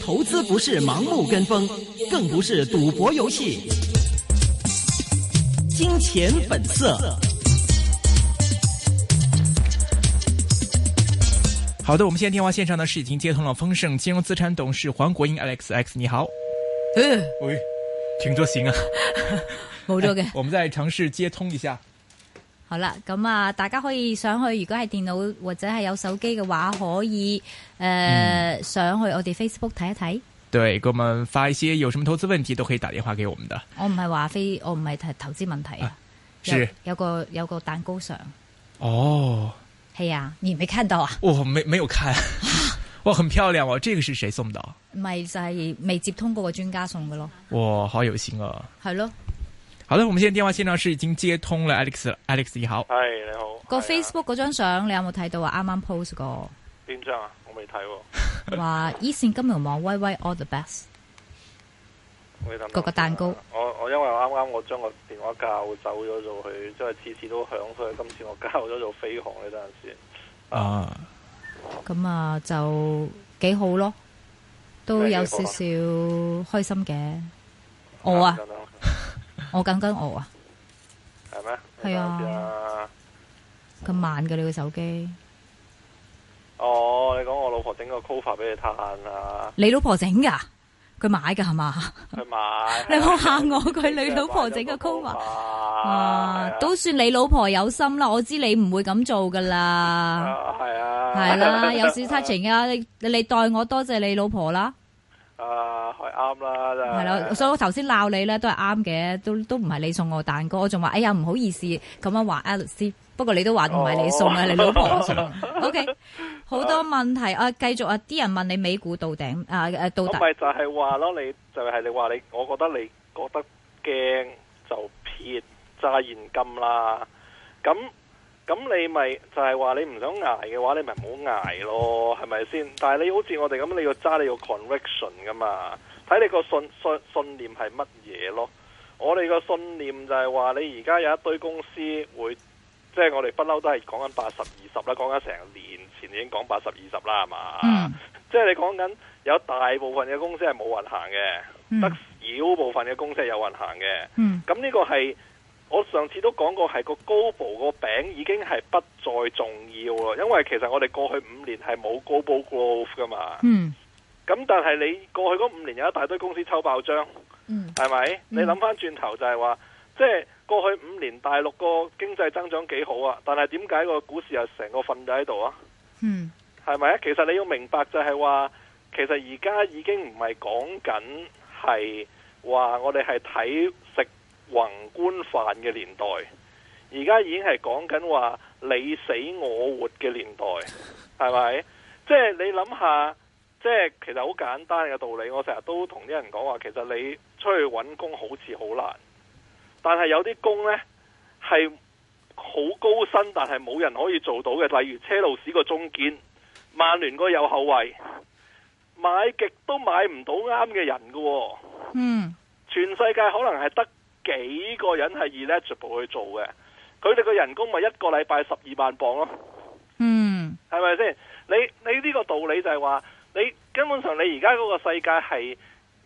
投資不是盲目跟風，更不是賭博遊戲。金錢本色。好的，我們現在電話線上呢是已經接通了。豐盛金融資產董事黃國英 Alex X，你好。呃，喂，請坐行啊，我們再嘗試接通一下。好啦，咁啊，大家可以上去。如果係電腦或者係有手機嘅話，可以誒、呃嗯、上去我哋 Facebook 睇一睇。對，我們發一些有什麼投資問題都可以打電話給我們的。的我唔係話非，我唔係投資問題啊。是有，有個有個蛋糕相。哦，係啊，你沒看到啊？我、哦、沒沒有看 哇，很漂亮哇、哦！這個是誰送的？咪、啊、就係未接通過個專家送嘅咯。哇、哦，好有心啊！係咯。好啦，我們現在電話線上是已經接通了 Alex，Alex Alex, 你好。係你好。個 Facebook 嗰張相、哎、呀你有冇睇到啊？啱啱 post 過邊張啊？我未睇。話 e< 說> 線金融網威 y, y all the best。嗰個蛋糕。我我因為啱啱我將個電話架走咗做佢，即係次次都響，佢今次我交咗做飛鴻呢陣時。啊。咁啊，嗯、啊，就幾好咯，都有少少開心嘅。啊我啊。 我緊跟我啊，係咩？係啊，咁慢嘅你個手機。哦，你講我老婆整個 cover 俾你嘆啊！你老婆整噶？佢買噶係嘛？佢買。你唔好嚇我，佢你老婆整個 cover 啊，都算你老婆有心啦。我知你唔會咁做噶啦。係啊。係啦，有事測情啊，你你代我多謝你老婆啦。誒。啱啦，真係。係啦，所以我頭先鬧你咧，都係啱嘅，都都唔係你送我蛋糕，我仲話哎呀唔好意思咁樣話 Alex，不過你都話唔係你送嘅，哦、你老婆送嘅。O K，好多問題啊，啊，繼續啊，啲人問你美股到頂啊誒到頂，咪就係話咯，你就係你話你，我覺得你覺得驚就撇揸現金啦，咁。咁你咪就係、是、話、就是、你唔想捱嘅話，你咪唔好挨咯，係咪先？但係你好似我哋咁，你要揸你個 conviction 噶嘛，睇你個信信信念係乜嘢咯我哋個信念就係話你而家有一堆公司會，即、就、係、是、我哋不嬲都係講緊八十二十啦，講緊成年前已經講八十二十啦，係嘛？嗯、即係你講緊有大部分嘅公司係冇運行嘅，得少、嗯、部分嘅公司有運行嘅。咁呢、嗯嗯、個係。我上次都講過，係個 global 個餅已經係不再重要啦，因為其實我哋過去五年係冇 global growth 噶嘛。嗯。咁但係你過去嗰五年有一大堆公司抽爆張，嗯，係咪？你諗翻轉頭就係話，即係、嗯、過去五年大陸個經濟增長幾好啊？但係點解個股市又成個瞓咗喺度啊？嗯。係咪啊？其實你要明白就係話，其實而家已經唔係講緊係話我哋係睇。宏觀範嘅年代，而家已經係講緊話你死我活嘅年代，係咪？即係你諗下，即係其實好簡單嘅道理。我成日都同啲人講話，其實你出去揾工好似好難，但係有啲工呢係好高薪，但係冇人可以做到嘅。例如車路士個中堅、曼聯個右後衛，買極都買唔到啱嘅人㗎喎。嗯，全世界可能係得。幾個人係 eligible 去做嘅，佢哋嘅人工咪一個禮拜十二萬磅咯。嗯，係咪先？你你呢個道理就係話，你根本上你而家嗰個世界係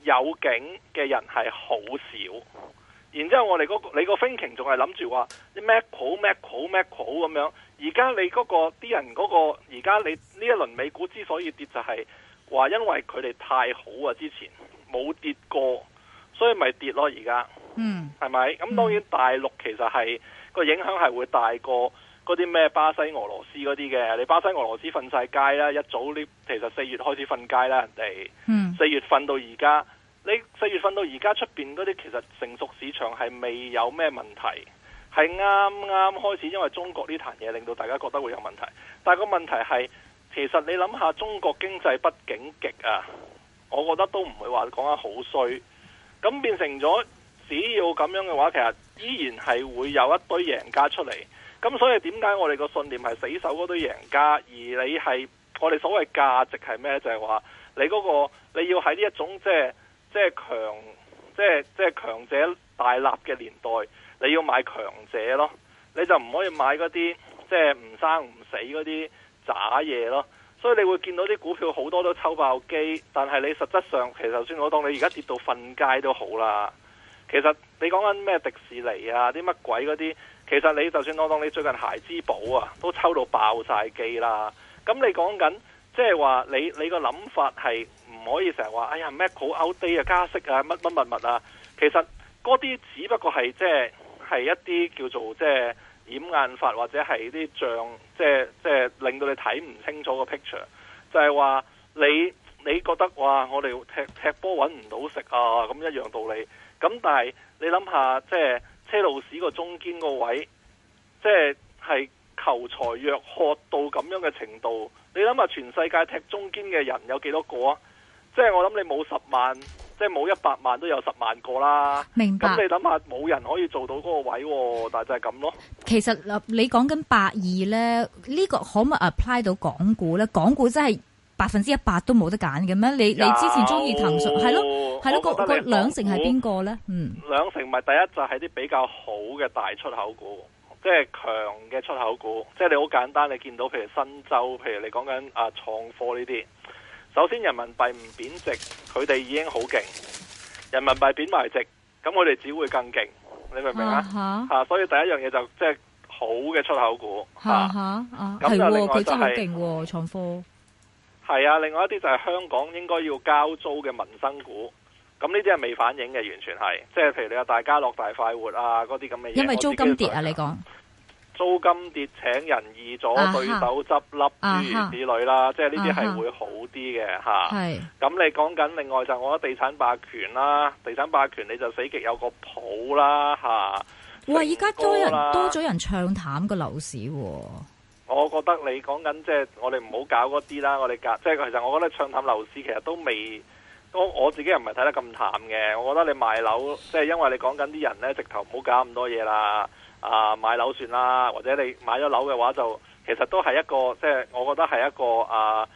有景嘅人係好少。然之後我哋嗰你個 Finching 仲係諗住話你咩 c 咩 u m a 咁樣。而家你嗰個啲人嗰個，而家你呢、那個、一輪美股之所以跌就係、是、話，因為佢哋太好啊，之前冇跌過，所以咪跌咯而家。嗯，係咪咁？當然大陸其實係個影響係會大過嗰啲咩巴西、俄羅斯嗰啲嘅。你巴西、俄羅斯瞓晒街啦，一早你其實四月開始瞓街啦，人哋四月份到而家，你四月份到而家出邊嗰啲其實成熟市場係未有咩問題，係啱啱開始，因為中國呢壇嘢令到大家覺得會有問題，但個問題係，其實你諗下，中國經濟不景極啊，我覺得都唔會話講得好衰，咁變成咗。只要咁樣嘅話，其實依然係會有一堆贏家出嚟。咁所以點解我哋個信念係死守嗰堆贏家？而你係我哋所謂價值係咩？就係話你嗰個你要喺呢一種即係即係強即係即係強者大立嘅年代，你要買強者咯。你就唔可以買嗰啲即係唔生唔死嗰啲渣嘢咯。所以你會見到啲股票好多都抽爆機，但係你實質上其實就算我當你而家跌到瞓街都好啦。其實你講緊咩迪士尼啊，啲乜鬼嗰啲？其實你就算當當你最近孩之寶啊，都抽到爆晒機啦。咁你講緊即係話你你個諗法係唔可以成日話哎呀 Mac 好 outdate 啊，加息啊乜乜物物啊。其實嗰啲只不過係即係係一啲叫做即係掩眼法或者係啲像即係即係令到你睇唔清楚個 picture，就係話你你覺得哇，我哋踢踢波搵唔到食啊，咁、啊、一樣道理。咁但係你諗下，即係車路士個中堅個位，即係係求才若渴到咁樣嘅程度。你諗下全世界踢中堅嘅人有幾多個？即係我諗你冇十萬，即係冇一百萬都有十萬個啦。明白。咁你諗下，冇人可以做到嗰個位，但就係咁咯。其實你講緊百二呢，呢個可唔可以 apply 到港股呢？港股真係。百分之一百都冇得揀嘅咩？你你之前鍾意騰訊係咯係咯？個兩兩成係邊個呢？嗯，兩成咪第一就係啲比較好嘅大出口股，即係強嘅出口股。即、就、係、是、你好簡單，你見到譬如新洲，譬如你講緊啊創科呢啲。首先人幣，人民幣唔貶值，佢哋已經好勁。人民幣貶埋值，咁我哋只會更勁。你明唔明啊？吓、啊，所以第一樣嘢就即係好嘅出口股。吓吓啊，咁、啊啊、就另外就係創科。啊係啊，另外一啲就係香港應該要交租嘅民生股，咁呢啲係未反映嘅，完全係，即係譬如你話大家樂、大快活啊，嗰啲咁嘅嘢。因為租金跌啊，說你講說租金跌，請人易咗，對手執笠、啊哈，諸如此類啦，即係呢啲係會好啲嘅，吓。係。咁你講緊另外就是我覺得，地產霸權啦，地產霸權你就死極有個譜啦，吓、啊。唔哇！而家多人多咗人唱淡個樓市喎、啊。我覺得你講緊即係我哋唔好搞嗰啲啦，我哋搞即係、就是、其實我覺得唱淡樓市其實都未，都我自己又唔係睇得咁淡嘅。我覺得你買樓，即、就、係、是、因為你講緊啲人呢直頭唔好搞咁多嘢啦。啊，買樓算啦，或者你買咗樓嘅話就，就其實都係一個，即、就、係、是、我覺得係一個啊，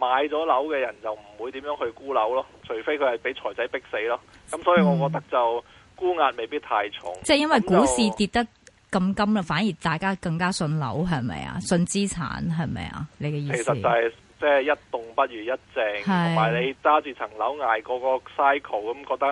買咗樓嘅人就唔會點樣去沽樓咯，除非佢係俾財仔逼死咯。咁所以我覺得就沽壓未必太重。即係、嗯、就因為股市跌得。禁金啦，反而大家更加信樓係咪啊？信資產係咪啊？你嘅意思？其實就係即係一動不如一靜，同埋是你揸住層樓挨個個 cycle 咁，覺得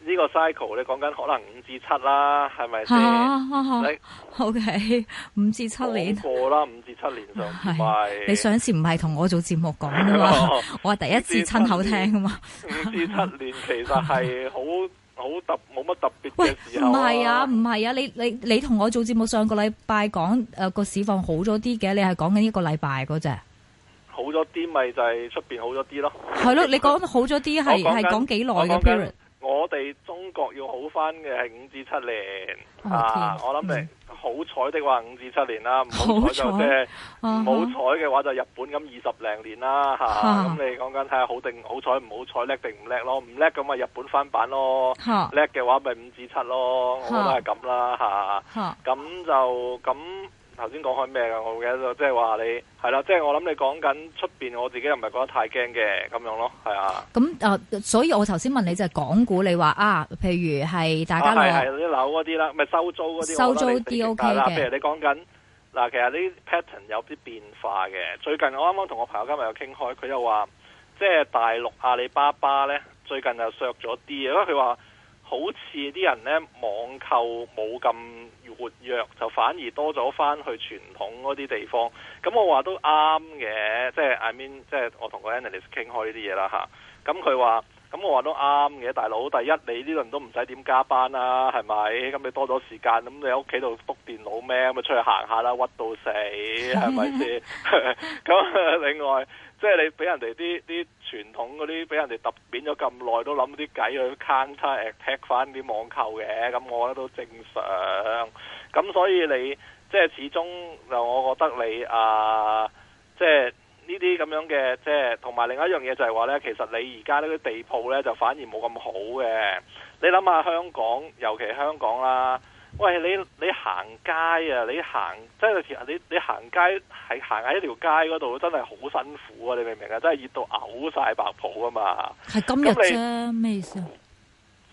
呢個 cycle 你講緊可能五至七啦，係咪先？好、啊啊、你 OK 五至七年過啦，五至七年就唔係。是是你上次唔係同我做節目講噶嘛？ 我係第一次親口聽啊嘛。五至七年，年其實係好。 好特冇乜特別嘅，唔係啊，唔係啊，啊，你你你同我做節目上個禮拜講誒個市況好咗啲嘅，你係講緊一個禮拜嗰隻，好咗啲咪就係出邊好咗啲咯。係咯，你講好咗啲係係講幾耐嘅 period？我哋中國要好翻嘅係五至七年 Okay. 啊！我諗嚟好彩的話五至七年啦，唔好彩就即係唔好彩嘅話就日本咁二十零年啦吓！咁、啊 uh huh. 嗯、你講緊睇下好定好彩唔好彩叻定唔叻咯？唔叻咁咪日本翻版咯，叻嘅、uh huh. 話咪五至七咯，我覺得係咁啦吓，咁、uh huh. 啊、就咁。頭先講開咩噶？我記得，即係話你係啦，即係我諗你講緊出面，我自己又唔係覺得太驚嘅咁樣咯，係啊。咁、呃、所以我頭先問你就係、港股，你話啊，譬如係大家話啲、啊、樓嗰啲啦，咪收租嗰啲，收租啲但 OK 啦的譬如你講緊嗱，其實啲 pattern 有啲變化嘅。最近我啱啱同我朋友今日又傾開，佢又話即係大陸阿里巴巴咧，最近又削咗啲啊。佢好似啲人呢，網購冇咁活躍，就反而多咗返去傳統嗰啲地方。咁我話都啱嘅，即係 I mean，即係我同個 analyst 傾開呢啲嘢啦吓，咁佢話，咁我話都啱嘅，大佬，第一你呢輪都唔使點加班啦，係咪？咁你多咗時間，咁你喺屋企度篤電腦咩？咁咪出去行下啦，屈到死，係咪先？咁 另外。即係你俾人哋啲啲傳統嗰啲，俾人哋突扁咗咁耐，都諗啲計去 counter attack 翻啲網購嘅，咁我覺得都正常。咁所以你即係始終，就我覺得你啊，即係呢啲咁樣嘅，即係同埋另一樣嘢就係話咧，其實你而家呢啲地鋪咧就反而冇咁好嘅。你諗下香港，尤其香港啦。喂，你你行街啊？你行即係你你行街係行喺一條街嗰度，真係好辛苦啊！你明唔明啊？真係熱到嘔晒白泡啊嘛！係今日啫，咩你意思？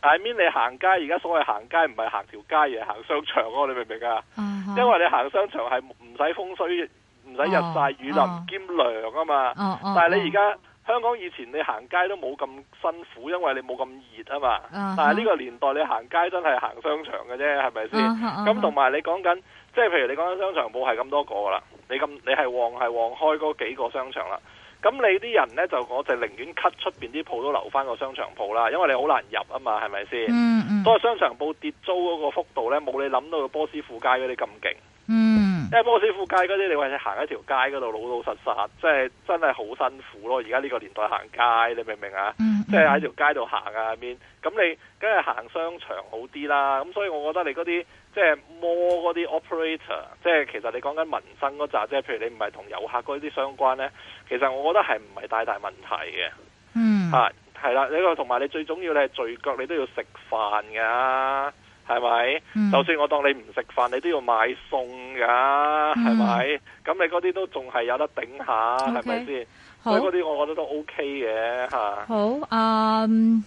喺面 I mean, 你行街，街，街，而家所謂行街唔係行條街，而係行商場咯、啊。你明唔明啊？Uh huh. 因為你行商場係唔使風水，唔使日曬、uh huh. 雨淋兼涼啊嘛。Uh huh. uh huh. 但係你而家。香港以前你行街都冇咁辛苦，因為你冇咁熱啊嘛。Uh huh. 但係呢個年代你行街真係行商場嘅啫，係咪先？咁同埋你講緊，即係譬如你講緊商場鋪係咁多個啦，你咁你係旺係旺開嗰幾個商場啦。咁你啲人呢，我就我哋寧願 cut 出邊啲鋪都留翻個商場鋪啦，因為你好難入啊嘛，係咪先？嗯嗯、uh。Huh. 商場鋪跌租嗰個幅度呢，冇你諗到個波斯富街嗰啲咁勁。Uh huh. 即係摩斯富街嗰啲，你話你行喺條街嗰度老老實實，即係真係好辛苦咯。而家呢個年代行街，你明唔明、嗯、啊？即係喺條街度行啊邊，咁你梗係行商場好啲啦。咁所以我覺得你嗰啲即係摸嗰啲 operator，即係其實你講緊民生嗰扎，即係譬如你唔係同遊客嗰啲相關呢，其實我覺得係唔係大大問題嘅。嗯，吓係、啊、啦，呢個同埋你最重要，你係聚腳，你都要食飯噶。係咪？是、嗯、就算我當你唔食飯，你都要買餸噶，係咪？咁、嗯、你嗰啲都仲係有得頂下，係咪先？好所以嗰啲我覺得都 OK 嘅吓。好，嗯，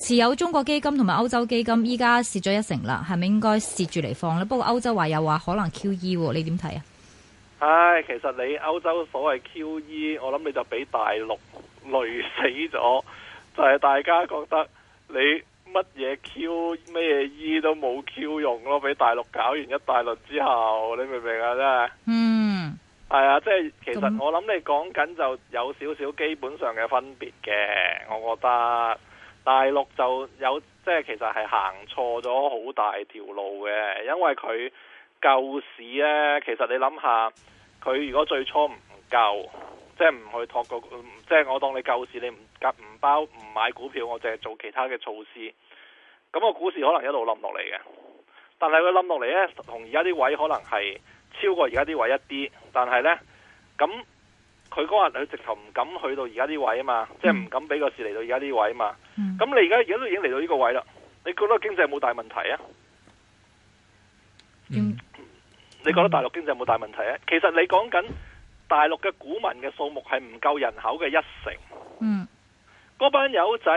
持有中國基金同埋歐洲基金，依家蝕咗一成啦，係咪應該蝕住嚟放呢？不過歐洲話又話可能 QE，你點睇啊？唉，其實你歐洲所謂 QE，我諗你就俾大陸累死咗，就係、是、大家覺得你。乜嘢 Q 乜嘢 e 都冇 Q 用咯，俾大陸搞完一大輪之後，你明唔明啊？真係，嗯，係啊，即係其實我諗你講緊就有少少基本上嘅分別嘅，我覺得大陸就有即係其實係行錯咗好大條路嘅，因為佢舊時呢，其實你諗下佢如果最初唔夠。即係唔去托個，即係我當你舊時你唔夾唔包唔買股票，我淨係做其他嘅措施。咁個股市可能一路冧落嚟嘅，但係佢冧落嚟咧，同而家啲位可能係超過而家啲位一啲。但係咧，咁佢嗰日佢直頭唔敢去到而家啲位啊嘛，即係唔敢俾個市嚟到而家啲位啊嘛。咁、嗯、你而家而家都已經嚟到呢個位啦。你覺得經濟有冇大問題啊？嗯、你覺得大陸經濟有冇大問題啊？其實你講緊。大陸嘅股民嘅數目係唔夠人口嘅一成，嗯，嗰班友仔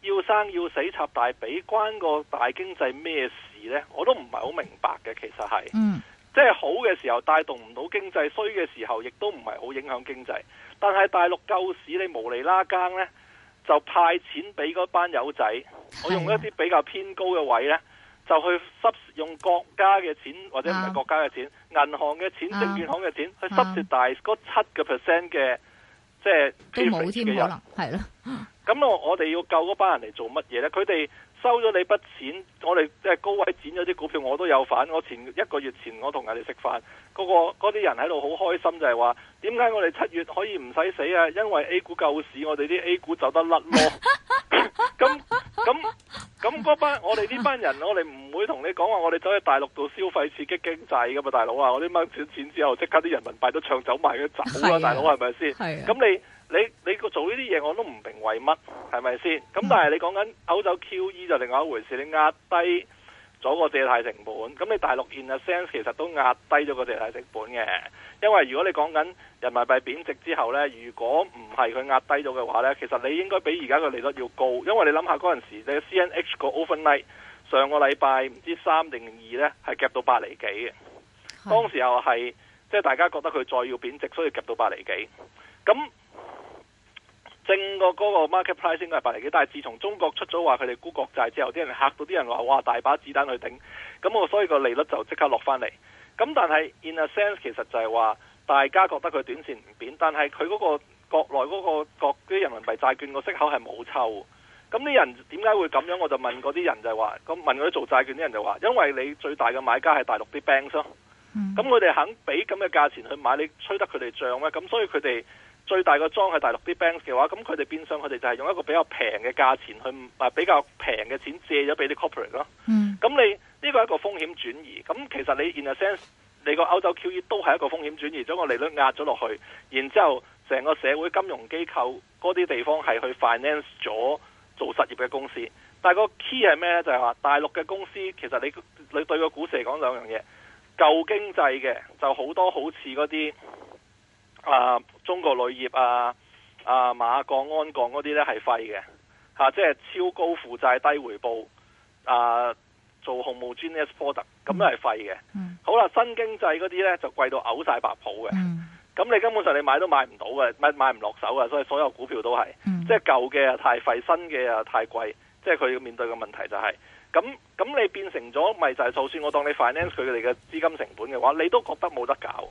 要生要死插大髀，關個大經濟咩事呢？我都唔係好明白嘅，其實係，嗯，即係好嘅時候帶動唔到經濟，衰嘅時候亦都唔係好影響經濟。但係大陸救市你無厘拉更呢，就派錢俾嗰班友仔，我用一啲比較偏高嘅位，啊，呢。就去 subs 用國家嘅錢，或者唔係國家嘅錢，銀、啊、行嘅錢，啊、證券行嘅錢，去 subsidize 嗰七個 percent 嘅，即係都冇添，人可能係咯。咁我我哋要救嗰班人嚟做乜嘢咧？佢哋。收咗你筆錢，我哋即係高位剪咗啲股票，我都有份。我前一個月前我同人哋食飯，嗰個嗰啲人喺度好開心就，就係話：點解我哋七月可以唔使死啊？因為 A 股救市，我哋啲 A 股就得甩咯。咁咁咁，嗰班我哋呢班人，我哋唔會同你講話，我哋走去大陸度消費刺激經濟㗎嘛。大佬啊，我啲掹錢錢之後，即刻啲人民幣都唱走埋，都走啦！是啊、大佬係咪先？咁是、啊、你。你你做呢啲嘢我都唔明為乜，係咪先？咁但係你講緊歐洲 QE 就另外一回事，你壓低咗個借貸成本。咁你大陸 in a sense 其實都壓低咗個借貸成本嘅，因為如果你講緊人民幣貶值之後呢，如果唔係佢壓低咗嘅話呢，其實你應該比而家嘅利率要高。因為你諗下嗰陣時你 CNH 個 overnight 上個禮拜唔知三定二呢，係夾到八厘幾嘅，當時候係即係大家覺得佢再要貶值，所以夾到八厘幾。咁正個嗰個 market price 應該係百嚟嘅，但係自從中國出咗話佢哋沽國債之後，啲人嚇到，啲人話哇，大把子彈去頂，咁我所以個利率就即刻落翻嚟。咁但係 in a sense 其實就係話大家覺得佢短線唔變，但係佢嗰個國內嗰、嗰個國啲人民幣債券個息口係冇抽。咁啲人點解會咁樣？我就問嗰啲人就話，咁問佢啲做債券啲人就話，因為你最大嘅買家係大陸啲 bank，咁佢哋肯俾咁嘅價錢去買，你吹得佢哋漲咩？咁所以佢哋。最大個莊係大陸啲 bank 嘅話，咁佢哋變相，佢哋就係用一個比較平嘅價錢去，啊比較平嘅錢借咗俾啲 corporate 咯、啊。咁、mm. 你呢、呢個係一個風險轉移，咁其實你 in a sense 你個歐洲 QE 都係一個風險轉移，將個利率壓咗落去，然之後成個社會金融機構嗰啲地方係去 finance 咗做實業嘅公司。但係個 key 係咩呢？就係、是、話大陸嘅公司其實你你對個股市嚟講兩樣嘢，舊經濟嘅就好多好似嗰啲。啊，中國鋁業啊，啊馬鋼，鋼，鋼那些是的、鞍鋼嗰啲咧係廢嘅，嚇，即係超高負債低回報，啊做 homogeneous product 咁都係廢嘅。好啦，新經濟嗰啲咧就貴到嘔晒白泡嘅，咁、嗯、你根本上你買都買唔到嘅，買買唔落手嘅，所以所有股票都係，嗯、即係舊嘅太廢，新嘅啊太貴，即係佢要面對嘅問題就係、是，咁咁你變成咗咪就係、是、就算我當你 finance 佢哋嘅資金成本嘅話，你都覺得冇得搞。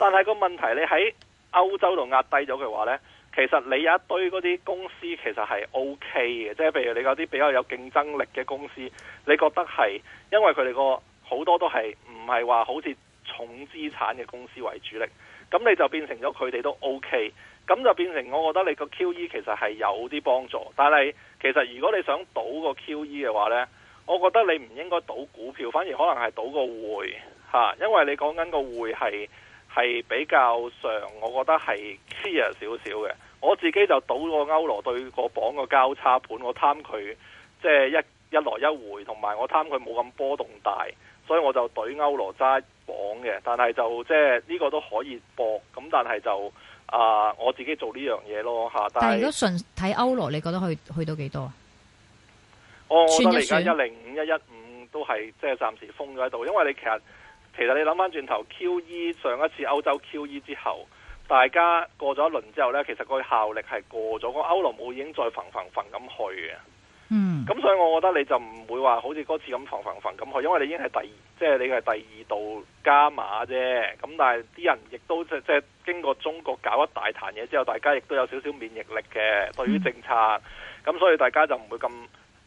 但係個問題，你喺歐洲度壓低咗嘅話呢，其實你有一堆嗰啲公司其實係 O K 嘅，即係譬如你嗰啲比較有競爭力嘅公司，你覺得係因為佢哋個好多都係唔係話好似重資產嘅公司為主力，咁你就變成咗佢哋都 O K，咁就變成我覺得你個 Q E 其實係有啲幫助。但係其實如果你想賭個 Q E 嘅話呢，我覺得你唔應該賭股票，反而可能係賭個匯吓，因為你講緊個匯係。係比較上，我覺得係 clear 少少嘅。我自己就賭個歐羅對那個榜個交叉盤，我貪佢即係一一來一回，同埋我貪佢冇咁波動大，所以我就懟歐羅揸榜嘅。但係就即係呢、這個都可以搏。咁但係就啊、呃，我自己做呢樣嘢咯吓。但係如果純睇歐羅，你覺得去去到幾多啊？哦、我覺得而家一零五一一五都係即係暫時封咗喺度，因為你其實。其實你諗翻轉頭，QE 上一次歐洲 QE 之後，大家過咗一輪之後呢，其實個效力係過咗，個歐羅姆已經再縫縫縫咁去嘅。嗯，咁所以我覺得你就唔會話好似嗰次咁縫縫縫咁去，因為你已經係第即係你係第二度、即係、加碼啫。咁但係啲人亦都即係、即係、經過中國搞一大壇嘢之後，大家亦都有少少免疫力嘅對於政策。咁、嗯、所以大家就唔會咁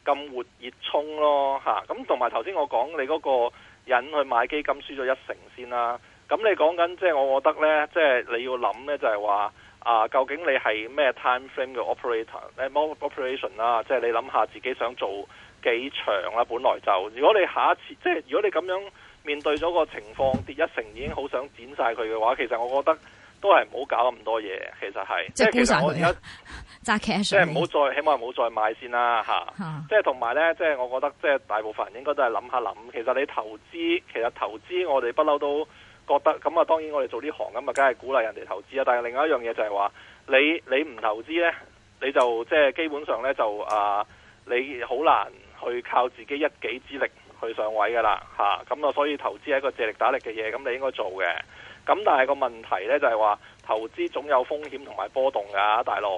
咁活熱衝咯，吓、啊。咁同埋頭先我講你嗰、嗰個。引去買基金，輸咗一成先啦、啊。咁你講緊即係，就是、我覺得呢，即、就、係、是、你要諗呢，就係話啊，究竟你係咩 time frame 嘅 oper operator、啊、咩 mode operation 啦？即係你諗下自己想做幾長啦、啊。本來就如果你下一次即係、就是、如果你咁樣面對咗個情況，跌一成，已經好想剪晒佢嘅話，其實我覺得。都係唔好搞咁多嘢，其實係即係是其實我而家即係唔好再，你起碼唔好再買先啦嚇，即係同埋咧，即係、啊就是、我覺得，即係大部分人應該都係諗下諗。其實你投資，其實投資，我哋不嬲都覺得咁啊。當然我哋做呢行咁啊，梗係鼓勵人哋投資啊。但係另外一樣嘢就係話，你你唔投資咧，你就即係基本上咧就啊，你好難去靠自己一己之力去上位噶啦嚇，咁啊，所以投資係一個借力打力嘅嘢，咁你應該做嘅。咁但係個問題咧就係話投資總有風險同埋波動噶，大佬。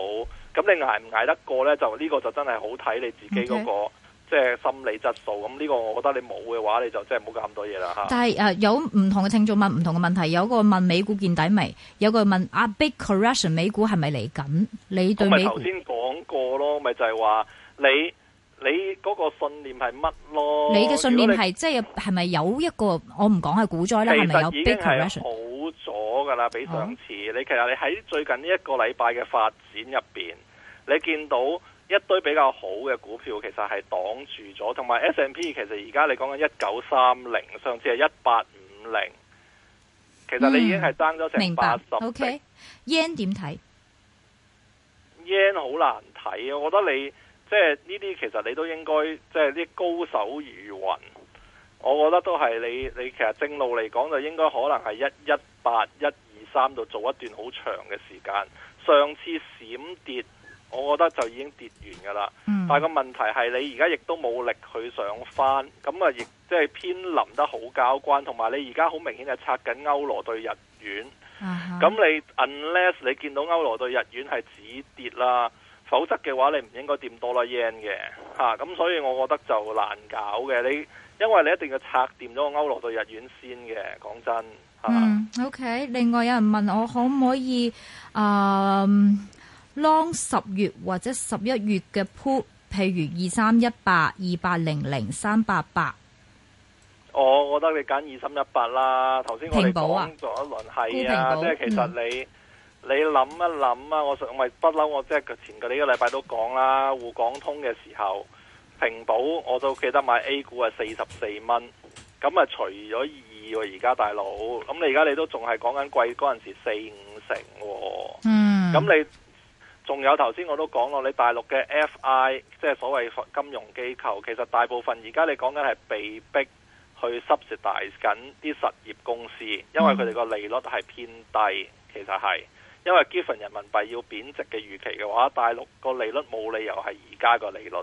咁你挨唔挨得過咧？就呢、這個就真係好睇你自己嗰、那個 Okay. 即係心理質素。咁呢個我覺得你冇嘅話，你就真係唔好咁多嘢啦吓。但係誒有唔同嘅聽眾問唔同嘅問題，有個問美股見底未？有個問阿 Big Correction 美股係咪嚟緊？你對美股？咪頭先講過咯，咪就係、是、話你你嗰個信念係乜咯？你嘅信念係即係係咪有一個？我唔講係股災啦，係咪其實 有 Big Correction？比上次你，其實你喺最近呢一個禮拜嘅發展入邊，你見到一堆比較好嘅股票，其實係擋住咗，同埋 S&P 其實而家你講緊一九三零，上次係一八五零，其實你已經係 down 咗成八十。明白。O K，yen 點睇？yen 好難睇啊！我覺得你即係呢啲，其實你都應該即係啲高手如雲。我覺得都係你你，其實正路嚟講就應該可能係一一八一二三度做一段好長嘅時間，上次閃跌，我覺得就已經跌完㗎啦。嗯、但係個問題係你而家亦都冇力去上返，咁，啊，亦即係偏臨得好交關，同埋你而家好明顯係拆緊歐羅對日元，咁、啊、哈你 unless 你見到歐羅對日元係止跌啦，否則嘅話，你唔應該掂多啦 yen 嘅嚇，咁、啊、所以我覺得就難搞嘅。你因為你一定要拆掂咗個歐羅對日元先嘅，講真嚇。啊、嗯，OK。另外有人問我可唔可以啊、呃、long 十月或者十一月嘅 put，譬如二三一八、二八零零、三八八。我覺得你揀二三一八啦。頭先我哋講咗一輪，係啊，即係、啊、其實你。嗯你諗一諗啊！我上唔係不嬲，我即係前嗰呢個禮拜都講啦，滬港通嘅時候平保，我都記得買 A 股係四十四蚊，咁啊除咗二喎，而家大佬，咁你而家你都仲係講緊貴嗰陣時四五成、啊，嗯、mm.，咁你仲有頭先我都講咯，你大陸嘅 FI 即係所謂金融機構，其實大部分而家你講緊係被逼去 subsidize 緊啲實業公司，因為佢哋個利率係偏低，其實係。因為 given 人民幣要貶值嘅預期嘅話，大陸個利率冇理由係而家個利率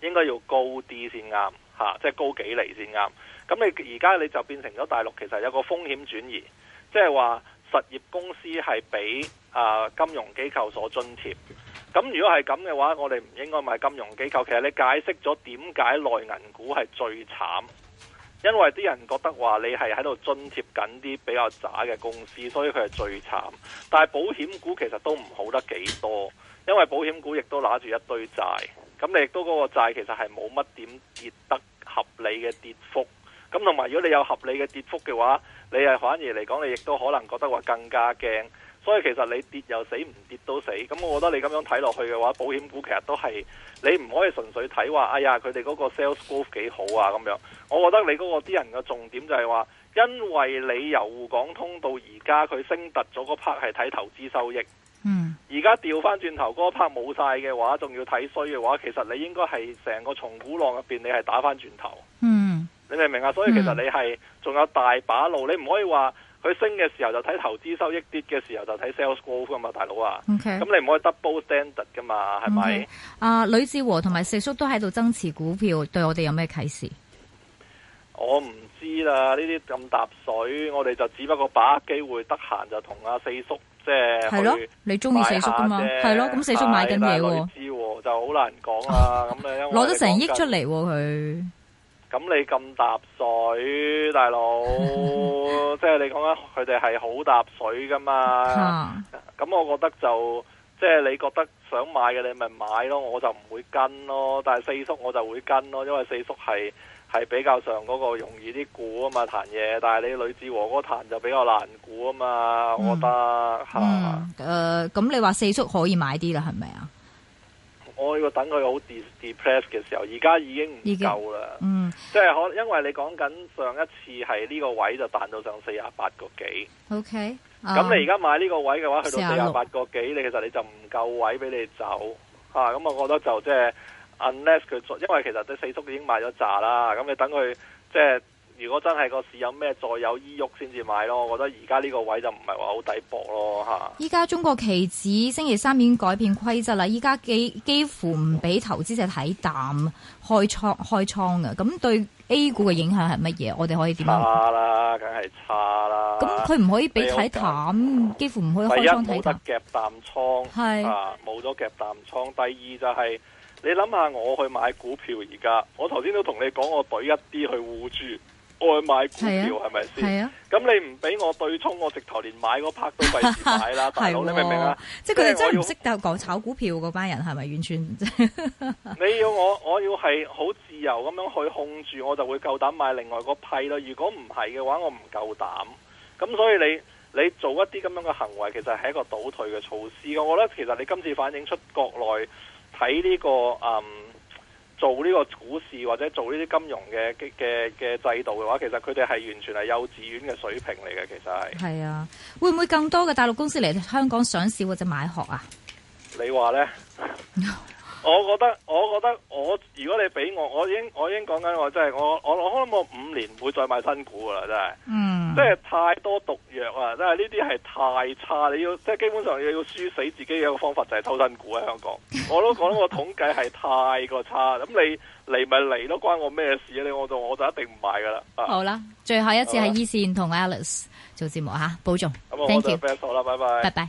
應該要高啲先啱，嚇、啊，即係高幾厘先啱。咁你而家你就變成咗大陸其實有個風險轉移，即係話實業公司係俾啊金融機構所津貼。咁如果係咁嘅話，我哋唔應該買金融機構。其實你解釋咗點解內銀股係最慘。因為啲人覺得話你係喺度津貼緊啲比較渣嘅公司，所以佢係最慘。但係保險股其實都唔好得幾多，因為保險股亦都拿住一堆債，咁你亦都嗰個債其實係冇乜點跌得合理嘅跌幅。咁同埋如果你有合理嘅跌幅嘅話，你係反而嚟講，你亦都可能覺得話更加驚。所以其實你跌又死，唔跌都死。咁我覺得你咁樣睇落去嘅話，保險股其實都係你唔可以純粹睇話，哎呀佢哋嗰個 sales growth 幾好啊咁樣。我覺得你嗰個啲人嘅重點就係話，因為你由滬港通到而家佢升突咗嗰 part 係睇投資收益。嗯。而家掉翻轉頭嗰 part 冇晒嘅話，仲要睇衰嘅話，其實你應該係成個重估浪入邊，你係打翻轉頭。嗯。你明唔明啊？所以其實你係仲有大把路，你唔可以話。佢升嘅時候就睇投資收益，跌嘅時候就睇 sales growth 啊嘛，大佬啊，咁 Okay.、嗯、你唔可以 double standard 噶嘛，係咪？啊、okay. 呃，呂志和同埋四叔都喺度增持股票，對我哋有咩啟示？我唔知啦，呢啲咁搭水，我哋就只不過把握機會，得閒就同阿四叔即係係咯，你中意四叔㗎嘛？係咯，咁四叔買緊嘢喎。志和、呃呃呃呃呃、就好難講啊，咁啊，攞咗成億出嚟佢、啊。咁你咁搭水，大佬，即係你講緊佢哋係好搭水噶嘛？咁、啊、我覺得就，即、就、係、是、你覺得想買嘅你咪買咯，我就唔會跟咯。但係四叔我就會跟咯，因為四叔係係比較上嗰個容易啲估啊嘛，彈嘢。但係你呂志和嗰彈就比較難估啊嘛，嗯、我覺得吓。誒、啊，咁、嗯嗯呃、你話四叔可以買啲啦，係咪啊？我要等佢好 depressed 嘅時候，而家已經唔夠啦，嗯，即係可因為你講緊上一次係呢個位就彈到上四十八個幾，OK，咁、啊、你而家買呢個位嘅話，去到四十八個幾，你其實你就唔夠位俾你走，咁、啊、我覺得就即係 unless 佢，因為其實啲四叔已經買咗炸啦，咁你等佢即係。如果真係個市有咩，再有意郁先至買咯。我覺得而家呢個位就唔係話好抵搏咯吓，依家中國期指星期三已經改變規則啦，依家幾幾乎唔俾投資者睇淡開倉開倉嘅。咁對 A 股嘅影響係乜嘢？我哋可以點樣？差啦，梗係差啦。咁佢唔可以俾睇淡，幾乎唔可以開倉睇淡。第一冇得夾淡倉，係冇咗夾淡倉。第二就係、是、你諗下，我去買股票而家，我頭先都同你講，我懟一啲去護住。外賣股票係咪先？係啊，咁、啊、你唔俾我對沖，我直頭連買嗰 part 都費事買啦，大佬，你明唔明啊？即係佢哋真係唔識得講炒股票嗰班人，係咪完全唔知？ 你要我，我要係好自由咁樣去控住，我就會夠膽買另外個批啦。如果唔係嘅話，我唔夠膽。咁所以你你做一啲咁樣嘅行為，其實係一個倒退嘅措施。我我覺得其實你今次反映出國內睇呢個、嗯做呢個股市或者做呢啲金融嘅嘅嘅制度嘅話，其實佢哋係完全係幼稚園嘅水平嚟嘅，其實係。係啊，會唔會更多嘅大陸公司嚟香港上市或者買殼啊？你話咧？ 我覺得，我覺得我，我如果你俾我，我應我應講緊， 我真係我我我諗我五年唔會再買新股噶啦，真係。嗯。即係太多毒藥啊！即係呢啲係太差，你要即係基本上你要輸死自己嘅一個方法就係偷新股喺香港。我都講個統計係太過差。咁 你嚟咪嚟咯，關我咩事啊？你我我就一定唔買噶啦。好啦，最後一次係伊善同 Alex 做節目吓，保重，啊，thank you。啦，拜拜，拜拜。